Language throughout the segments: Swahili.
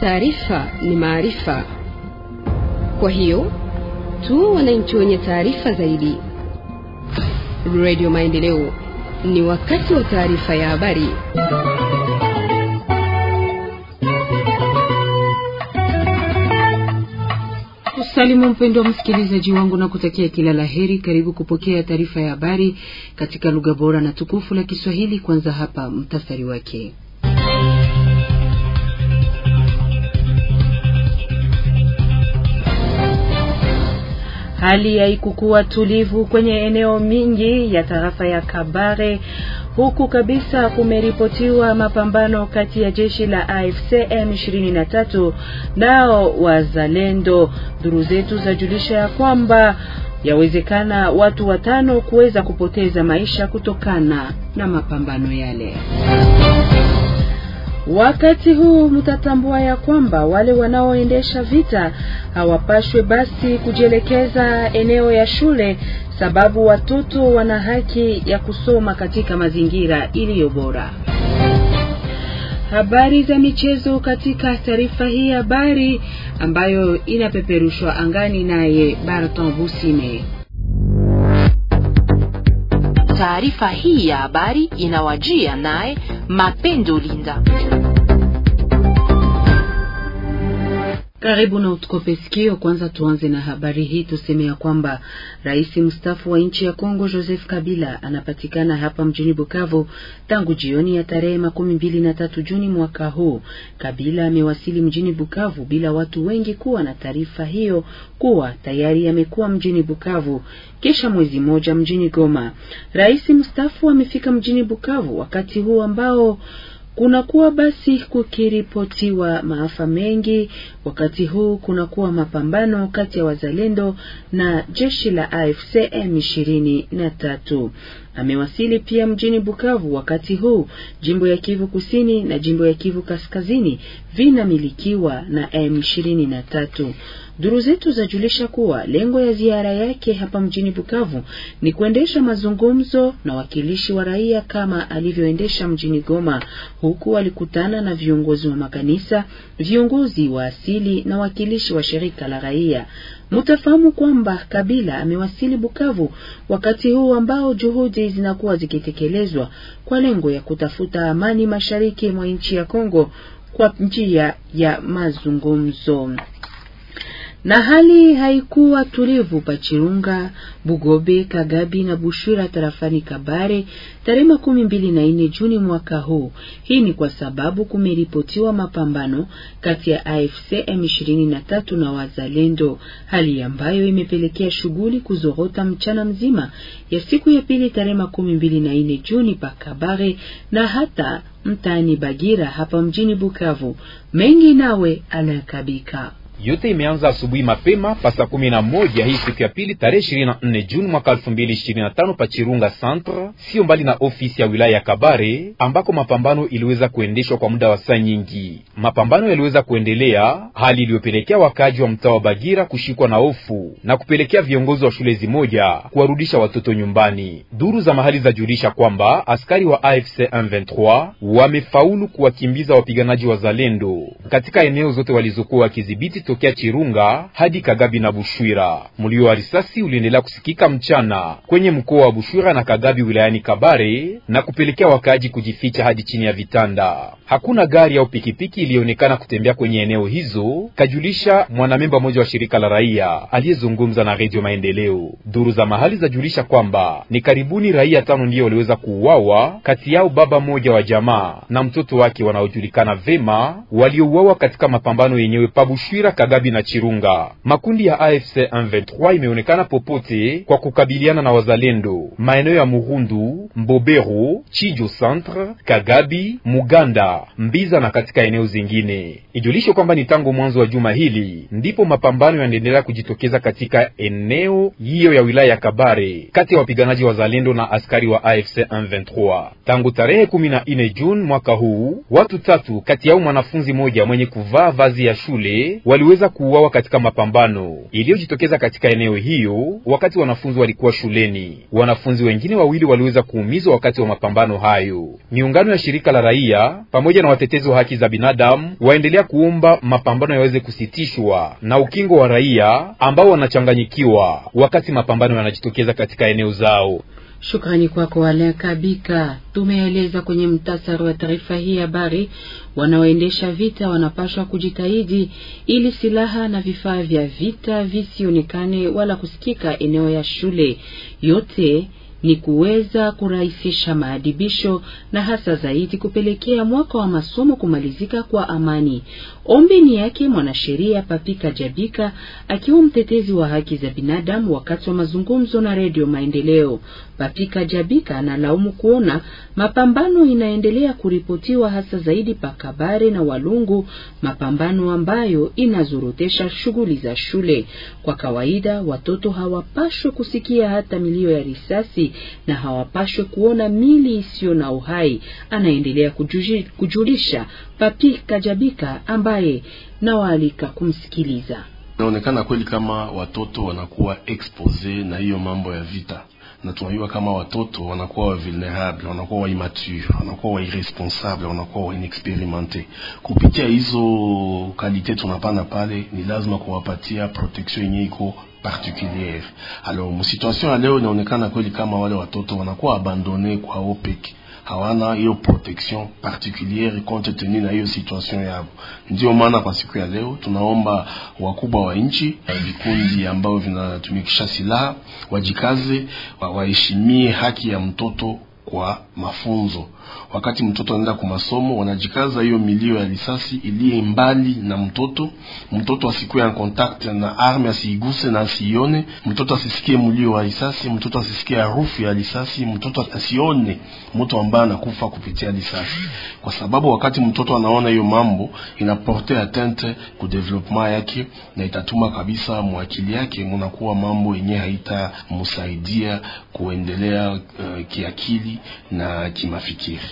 Taarifa ni maarifa, kwa hiyo tu wananchi wenye taarifa zaidi. Radio Maendeleo, ni wakati wa taarifa ya habari. Salimu mpendwa msikilizaji wangu na kutakia kila la heri. Karibu kupokea taarifa ya habari katika lugha bora na tukufu la Kiswahili. Kwanza hapa mtasari wake. Hali haikukuwa tulivu kwenye eneo mingi ya tarafa ya Kabare. Huku kabisa kumeripotiwa mapambano kati ya jeshi la AFC M23 nao wazalendo. Duru zetu zajulisha ya kwamba yawezekana watu watano kuweza kupoteza maisha kutokana na mapambano yale. Wakati huu mtatambua ya kwamba wale wanaoendesha vita hawapashwe basi kujielekeza eneo ya shule, sababu watoto wana haki ya kusoma katika mazingira iliyo bora. Habari za michezo katika taarifa hii habari ambayo inapeperushwa angani naye Barton Busime. Taarifa hii ya habari inawajia naye Mapendo Linda. Karibu na utukope sikio. Kwanza tuanze na habari hii, tuseme ya kwamba rais mstaafu wa nchi ya Kongo Joseph Kabila anapatikana hapa mjini Bukavu tangu jioni ya tarehe makumi mbili na tatu Juni mwaka huu. Kabila amewasili mjini Bukavu bila watu wengi kuwa na taarifa hiyo kuwa tayari amekuwa mjini Bukavu kisha mwezi mmoja mjini Goma. Rais mstaafu amefika mjini Bukavu wakati huu ambao Kunakuwa basi kukiripotiwa maafa mengi. Wakati huu kunakuwa mapambano kati ya wazalendo na jeshi la AFC M23 amewasili pia mjini Bukavu wakati huu jimbo ya Kivu Kusini na jimbo ya Kivu Kaskazini vinamilikiwa na M23. Duru zetu zajulisha kuwa lengo ya ziara yake hapa mjini Bukavu ni kuendesha mazungumzo na wakilishi wa raia kama alivyoendesha mjini Goma, huku alikutana na viongozi wa makanisa, viongozi wa asili na wakilishi wa shirika la raia. Mutafahamu kwamba Kabila amewasili Bukavu wakati huu ambao juhudi zinakuwa zikitekelezwa kwa lengo ya kutafuta amani mashariki mwa nchi ya Kongo kwa njia ya mazungumzo na hali haikuwa tulivu Pachirunga, Bugobe, Kagabi na Bushura tarafani Kabare tarehe makumi mbili na nne Juni mwaka huu. Hii ni kwa sababu kumeripotiwa mapambano kati ya AFC M23 na Wazalendo, hali ambayo imepelekea shughuli kuzorota mchana mzima ya siku ya pili tarehe makumi mbili na nne Juni pa Kabare na hata mtaani Bagira hapa mjini Bukavu. Mengi nawe anakabika yote imeanza asubuhi mapema pa saa kumi na moja hii siku ya pili tarehe ishirini na nne Juni mwaka elfu mbili ishirini na tano Centre, siyo mbali na ofisi ya wilaya ya Kabare, ambako mapambano iliweza kuendeshwa kwa muda wa saa nyingi. Mapambano yaliweza kuendelea, hali iliyopelekea wakaaji wa mtaa wa Bagira kushikwa na hofu na kupelekea viongozi wa shule zimoja kuwarudisha watoto nyumbani. Duru za mahali zajulisha kwamba askari wa AFC M23 wamefaulu kuwakimbiza wapiganaji wa Zalendo katika eneo zote walizokuwa wakidhibiti tokea Chirunga hadi Kagabi na Bushwira. Mlio wa risasi uliendelea kusikika mchana kwenye mkoa wa Bushwira na Kagabi wilayani Kabare na kupelekea wakaaji kujificha hadi chini ya vitanda. Hakuna gari au pikipiki ilionekana kutembea kwenye eneo hizo, kajulisha mwanamemba mmoja wa shirika la raia aliyezungumza na Redio Maendeleo. Duru za mahali zajulisha kwamba ni karibuni raia tano ndiyo waliweza kuuawa, kati yao baba mmoja wa jamaa na mtoto wake wanaojulikana vema, waliouawa katika mapambano yenyewe pabushwira Kagabi na Chirunga. Makundi ya AFC 23 imeonekana popote kwa kukabiliana na wazalendo maeneo ya Murundu, Mbobero, Chijo Centre, Kagabi, Muganda, Mbiza na katika eneo zingine. Ijulisho kwamba ni tangu mwanzo wa juma hili ndipo mapambano yanaendelea kujitokeza katika eneo hiyo ya wilaya ya Kabare kati ya wapiganaji wazalendo na askari wa AFC 23 tangu tarehe 14 Juni mwaka huu. Watu tatu kati yao mwanafunzi mmoja mwenye kuvaa vazi ya shule wali waliweza kuuawa katika mapambano iliyojitokeza katika eneo hiyo wakati wanafunzi walikuwa shuleni. Wanafunzi wengine wawili waliweza kuumizwa wakati wa mapambano hayo. Miungano ya shirika la raia pamoja na watetezi wa haki za binadamu waendelea kuomba mapambano yaweze kusitishwa na ukingo wa raia ambao wanachanganyikiwa wakati mapambano yanajitokeza katika eneo zao. Shukrani kwako Alain Kabika. Tumeeleza kwenye mtasari wa taarifa hii habari, wanaoendesha vita wanapaswa kujitahidi ili silaha na vifaa vya vita visionekane wala kusikika eneo ya shule yote ni kuweza kurahisisha maadibisho na hasa zaidi kupelekea mwaka wa masomo kumalizika kwa amani. Ombi ni yake mwanasheria Papika Jabika akiwa mtetezi wa haki za binadamu wakati wa mazungumzo na Redio Maendeleo. Papika Jabika analaumu kuona mapambano inaendelea kuripotiwa hasa zaidi pa Kabare na Walungu, mapambano ambayo inazorotesha shughuli za shule. Kwa kawaida watoto hawapashwe kusikia hata milio ya risasi na hawapashwe kuona mili isiyo na uhai, anaendelea kujulisha Papika Jabika ambaye nawaalika kumsikiliza. Inaonekana kweli kama watoto wanakuwa expose na hiyo mambo ya vita na tunajua kama watoto wanakuwa wa vulnerable, wanakuwa wa immature, wanakuwa wa irresponsable, wanakuwa wa inexperimente. Kupitia hizo kalite tunapanda pale, ni lazima kuwapatia protection yenye iko particuliere. Alors mu situation ya leo inaonekana kweli kama wale watoto wanakuwa abandone kwa opec hawana hiyo protection particuliere compte tenu na hiyo situation yao. Ndio maana kwa siku ya leo tunaomba wakubwa wa nchi, vikundi ambao vinatumikisha silaha wajikaze, waheshimie haki ya mtoto kwa mafunzo. Wakati mtoto anaenda kwa masomo, wanajikaza hiyo milio ya risasi iliye mbali na mtoto. Mtoto asikuwe en contact na arme, asiiguse na asione. Mtoto asisikie mlio wa risasi, mtoto asisikie harufu ya risasi, mtoto asione mtu ambaye anakufa kupitia risasi, kwa sababu wakati mtoto anaona hiyo mambo inaporte atente ku development yake na itatuma kabisa mwakili yake munakuwa mambo yenye haitamsaidia kuendelea uh, kiakili na kimafikiri.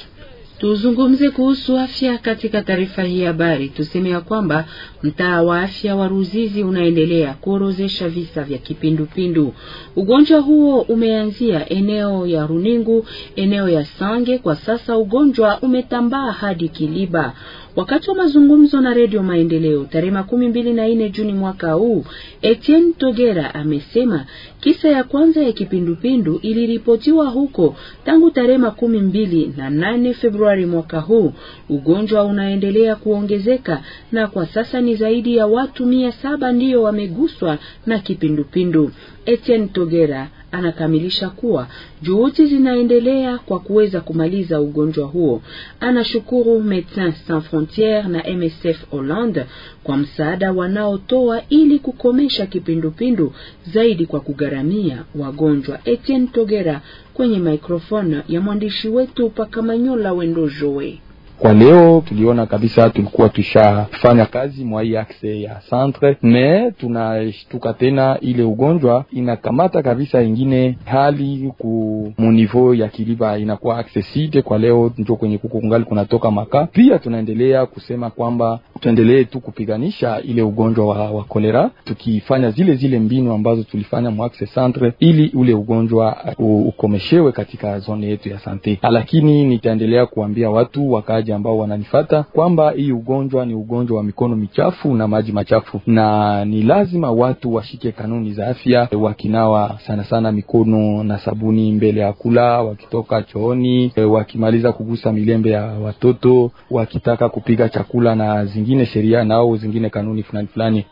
Tuzungumze kuhusu afya katika taarifa hii habari. Tuseme ya kwamba mtaa wa afya wa Ruzizi unaendelea kuorozesha visa vya kipindupindu. Ugonjwa huo umeanzia eneo ya Runingu, eneo ya Sange, kwa sasa ugonjwa umetambaa hadi Kiliba. Wakati wa mazungumzo na Redio Maendeleo tarehe makumi mbili na nne Juni mwaka huu, Etienne Togera amesema kisa ya kwanza ya kipindupindu iliripotiwa huko tangu tarehe makumi mbili na nane Februari mwaka huu. Ugonjwa unaendelea kuongezeka na kwa sasa ni zaidi ya watu mia saba ndiyo wameguswa na kipindupindu. Etienne Togera anakamilisha kuwa juhudi zinaendelea kwa kuweza kumaliza ugonjwa huo. Anashukuru Medecins Sans Frontieres na MSF Hollande kwa msaada wanaotoa ili kukomesha kipindupindu zaidi kwa kugharamia wagonjwa. Etienne Togera kwenye mikrofoni ya mwandishi wetu Pakamanyola Wendojoe. Kwa leo tuliona kabisa tulikuwa tushafanya kazi mwa hii akse ya centre, me tunashtuka tena ile ugonjwa inakamata kabisa ingine hali ku munivo ya Kiliba inakuwa akse site. Kwa leo njo kwenye kuku kungali kunatoka maka. Pia tunaendelea kusema kwamba tuendelee tu kupiganisha ile ugonjwa wa, wa kolera tukifanya zile zile mbinu ambazo tulifanya mwaxe centre ili ule ugonjwa uh, ukomeshewe katika zone yetu ya sante. Ah, lakini nitaendelea kuambia watu wakaaji ambao wananifata kwamba hii ugonjwa ni ugonjwa wa mikono michafu na maji machafu, na ni lazima watu washike kanuni za afya, wakinawa sana sana mikono na sabuni mbele ya kula, wakitoka chooni, eh, wakimaliza kugusa milembe ya watoto, wakitaka kupiga chakula na zingi zingine sheria na au zingine kanuni fulani fulani.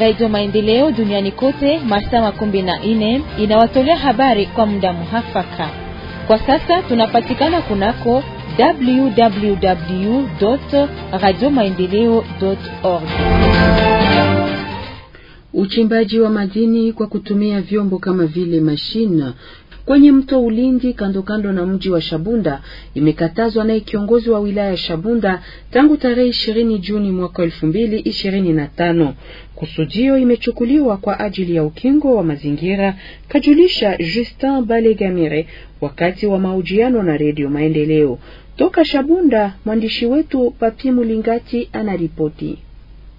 Radio Maendeleo duniani kote masaa makumi na nne inawatolea habari kwa muda muhafaka. Kwa sasa tunapatikana kunako www radio maendeleo org. Uchimbaji wa madini kwa kutumia vyombo kama vile mashina kwenye mto Ulindi kando kando na mji wa Shabunda imekatazwa naye kiongozi wa wilaya ya Shabunda tangu tarehe 20 Juni mwaka 2025. Kusudio imechukuliwa kwa ajili ya ukingo wa mazingira, kajulisha Justin Balegamire wakati wa mahojiano na Redio Maendeleo toka Shabunda. Mwandishi wetu Papi Mulingati anaripoti.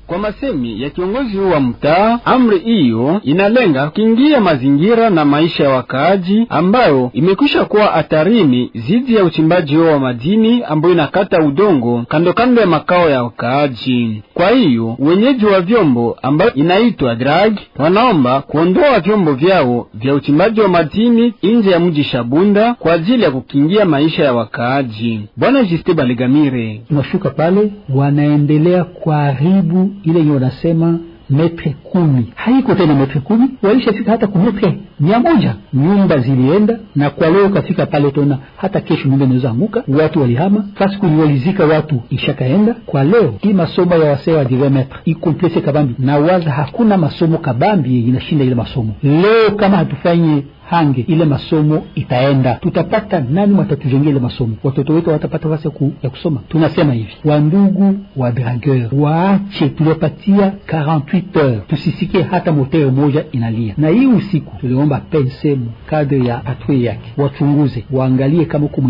Kwa masemi ya kiongozi huu wa mtaa, amri hiyo inalenga kuingia mazingira na maisha ya wakaaji ambayo imekwisha kuwa hatarini zidi ya uchimbaji huo wa madini ambayo inakata udongo kando kando ya makao ya wakaaji. Kwa hiyo wenyeji wa vyombo ambayo inaitwa drag wanaomba kuondoa vyombo vyao vya uchimbaji wa madini nje ya mji Shabunda kwa ajili ya kukingia maisha ya wakaaji. Bwana Jiste Baligamire, tunashuka pale, wanaendelea kuharibu ile yenye wanasema metre kumi haiko tena metre kumi, walishafika hata kumetre mia moja. Nyumba zilienda na kwa leo kafika pale tona, hata kesho nyumba inaweza anguka, watu walihama fasi kuliwalizika, watu ishakaenda kwa leo hii. Masomo ya wasee wa divemetre ikomplese kabambi na waza, hakuna masomo kabambi inashinda ile masomo leo. Kama hatufanye hange ile masomo itaenda, tutapata nani watatujengea ile masomo, watoto wetu watapata ya, ku, ya kusoma. Tunasema hivi wandugu wa dragueur, waache, tuliwapatia 48 heures, tusisikie hata motere moja inalia. Na hii usiku tuliomba pense mkadri ya atwe yake, wachunguze waangalie kama huko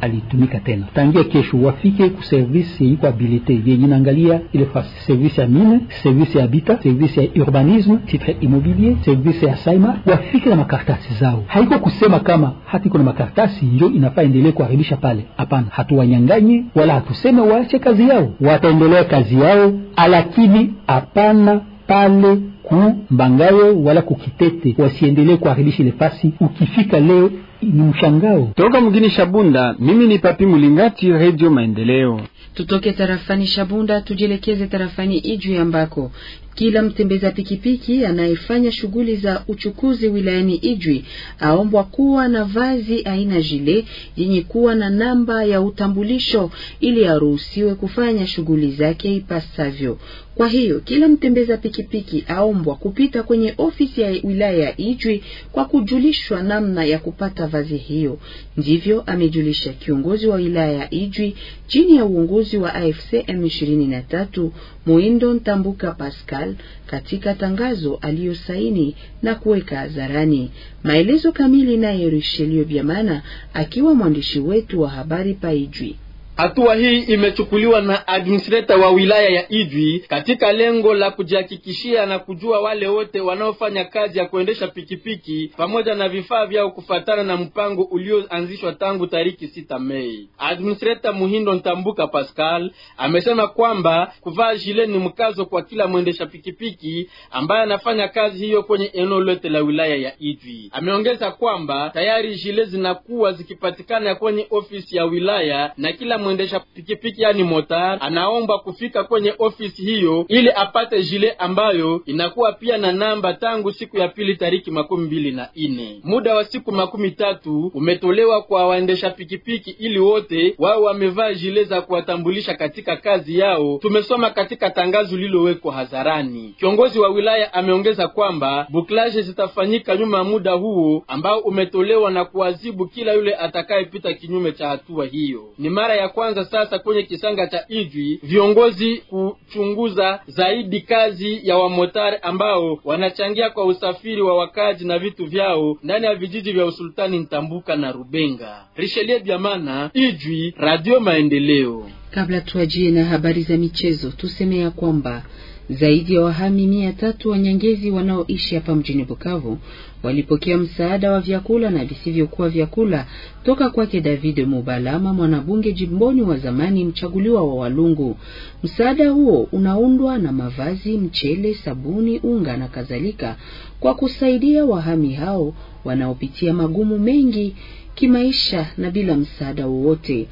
alitumika tena tangia kesho, wafike ku service iko habilite yenye naangalia ile fasi: service ya mine, service ya bita, service ya urbanisme, titre immobilier, service ya saima. Wafike na makaratasi zao. Haiko kusema kama hati iko na makaratasi ndio inafaa endelee kuharibisha pale. Hapana, hatuwanyanganye wala hatuseme waache kazi yao, wataendelea kazi yao, lakini hapana pale ku Mbangayo wala kukitete, wasiendelee kuharibisha ile fasi. Ukifika leo ni mshangao toka mgini Shabunda. Mimi ni Papi Mulingati, Radio Maendeleo. Tutoke tarafani Shabunda tujielekeze tarafani Ijwi ambako kila mtembeza pikipiki anayefanya shughuli za uchukuzi wilayani Ijwi aombwa kuwa na vazi aina jile yenye kuwa na namba ya utambulisho ili aruhusiwe kufanya shughuli zake ipasavyo. Kwa hiyo kila mtembeza pikipiki aombwa kupita kwenye ofisi ya wilaya ya Ijwi kwa kujulishwa namna ya kupata vazi hiyo. Ndivyo amejulisha kiongozi wa wilaya ya Ijwi chini ya uongozi wa AFC M23 Muindo Ntambuka Pascal katika tangazo aliyosaini na kuweka hadharani. Maelezo kamili naye Richelieu Biamana akiwa mwandishi wetu wa habari pa Ijwi. Hatua hii imechukuliwa na administrator wa wilaya ya Idwi katika lengo la kujihakikishia na kujua wale wote wanaofanya kazi ya kuendesha pikipiki pamoja na vifaa vyao kufatana na mpango ulioanzishwa tangu tariki sita Mei. Administrator Muhindo Ntambuka Pascal amesema kwamba kuvaa jile ni mkazo kwa kila mwendesha pikipiki ambaye anafanya kazi hiyo kwenye eneo lote la wilaya ya Idwi. Ameongeza kwamba tayari jile zinakuwa zikipatikana kwenye ofisi ya wilaya na kila mwendesha pikipiki yani motar anaomba kufika kwenye ofisi hiyo ili apate jile ambayo inakuwa pia na namba tangu siku ya pili tariki makumi mbili na ine. Muda wa siku makumi tatu umetolewa kwa waendesha pikipiki ili wote wao wamevaa jile za kuwatambulisha katika kazi yao. Tumesoma katika tangazo lilowekwa hadharani. Kiongozi wa wilaya ameongeza kwamba buklaje zitafanyika nyuma ya muda huo ambao umetolewa na kuwazibu kila yule atakayepita kinyume cha hatua hiyo. Ni mara ya kwa kwanza sasa kwenye kisanga cha Ijwi, viongozi kuchunguza zaidi kazi ya wamotari ambao wanachangia kwa usafiri wa wakazi na vitu vyao ndani ya vijiji vya usultani Ntambuka na Rubenga. Richelieu Diamana, Ijwi, Radio Maendeleo. Kabla tuajie na habari za michezo, ya kwamba zaidi ya wahami mia tatu Nyangezi wanaoishi hapa mjini Bukavu walipokea msaada wa vyakula na visivyokuwa vyakula toka kwake David Mubalama, mwanabunge jimboni wa zamani mchaguliwa wa Walungu. Msaada huo unaundwa na mavazi, mchele, sabuni, unga na kadhalika, kwa kusaidia wahami hao wanaopitia magumu mengi kimaisha na bila msaada wowote.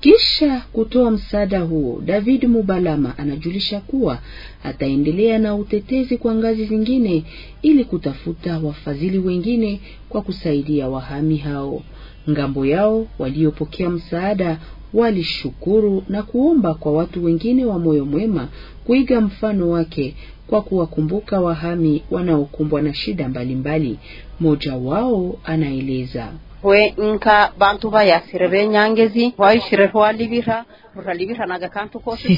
Kisha kutoa msaada huo, David Mubalama anajulisha kuwa ataendelea na utetezi kwa ngazi zingine ili kutafuta wafadhili wengine kwa kusaidia wahami hao. Ngambo yao waliopokea msaada walishukuru na kuomba kwa watu wengine wa moyo mwema kuiga mfano wake kwa kuwakumbuka wahami wanaokumbwa na shida mbalimbali. Mmoja wao anaeleza we inka bantu bayasire benyangezi wayishire hwalibira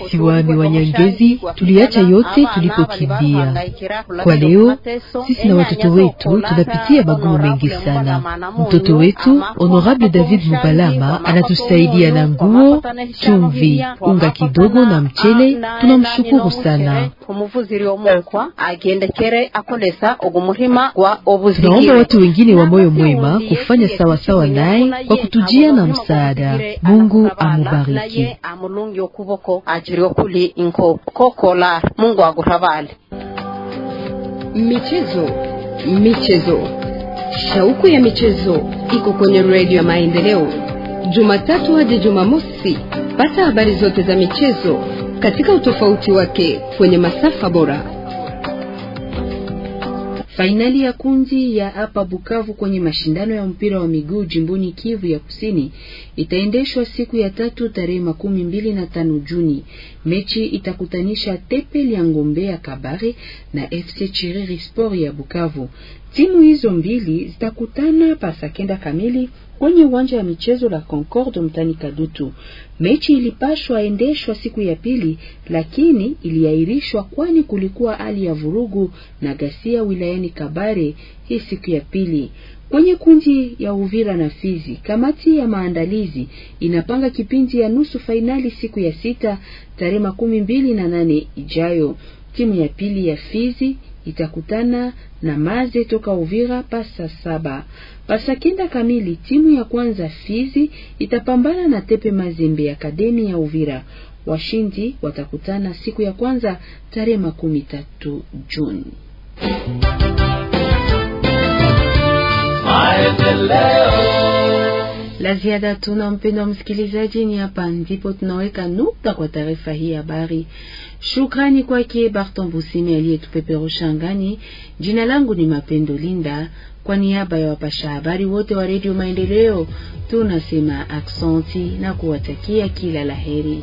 sisi wami wa Nyangezi tuliacha yote tulipokimbia. Kwa leo sisi na watoto wetu tunapitia magumu mengi sana. Mtoto wetu Honorable David Mubalama anatusaidia na nguo, chumvi, unga kidogo na mchele. Tunamshukuru sana. Naomba watu wengine wa moyo mwema kufanya sawasawa naye kwa kutujia na msaada. Mungu amubariki amulungi okuboko ajiri okuli inkoko kokola mungu agutabale michezo michezo shauku ya michezo iko kwenye redio ya maendeleo jumatatu hadi jumamosi pata habari zote za michezo katika utofauti wake kwenye masafa bora Fainali ya kundi ya hapa Bukavu kwenye mashindano ya mpira wa miguu jimboni Kivu ya Kusini itaendeshwa siku ya tatu tarehe makumi mbili na tano Juni. Mechi itakutanisha Tepe ya ngombea ya Kabare na FC Chiriri Sport ya Bukavu. Timu hizo mbili zitakutana pasa kenda kamili kwenye uwanja wa michezo la Concorde mtani Kadutu. Mechi ilipashwa endeshwa siku ya pili, lakini iliahirishwa kwani kulikuwa hali ya vurugu na ghasia wilayani Kabare hii siku ya pili. Kwenye kundi ya Uvira na Fizi, kamati ya maandalizi inapanga kipindi ya nusu fainali siku ya sita tarehe makumi mbili na nane ijayo. Timu ya pili ya Fizi itakutana na Maze toka Uvira pasa saba pasa kenda kamili. Timu ya kwanza Fizi itapambana na Tepe Mazembe Akademi ya Uvira. Washindi watakutana siku ya kwanza tarehe makumi tatu Juni la ziada tuna mpendo wa msikilizaji, ni hapa ndipo tunaweka nukta kwa taarifa hii habari. Shukrani kwake Barton Busime aliyetupeperusha ngani. Jina langu ni Mapendo Linda, kwa niaba ya wapasha habari wote wa Redio Maendeleo tunasema aksenti na kuwatakia kila laheri.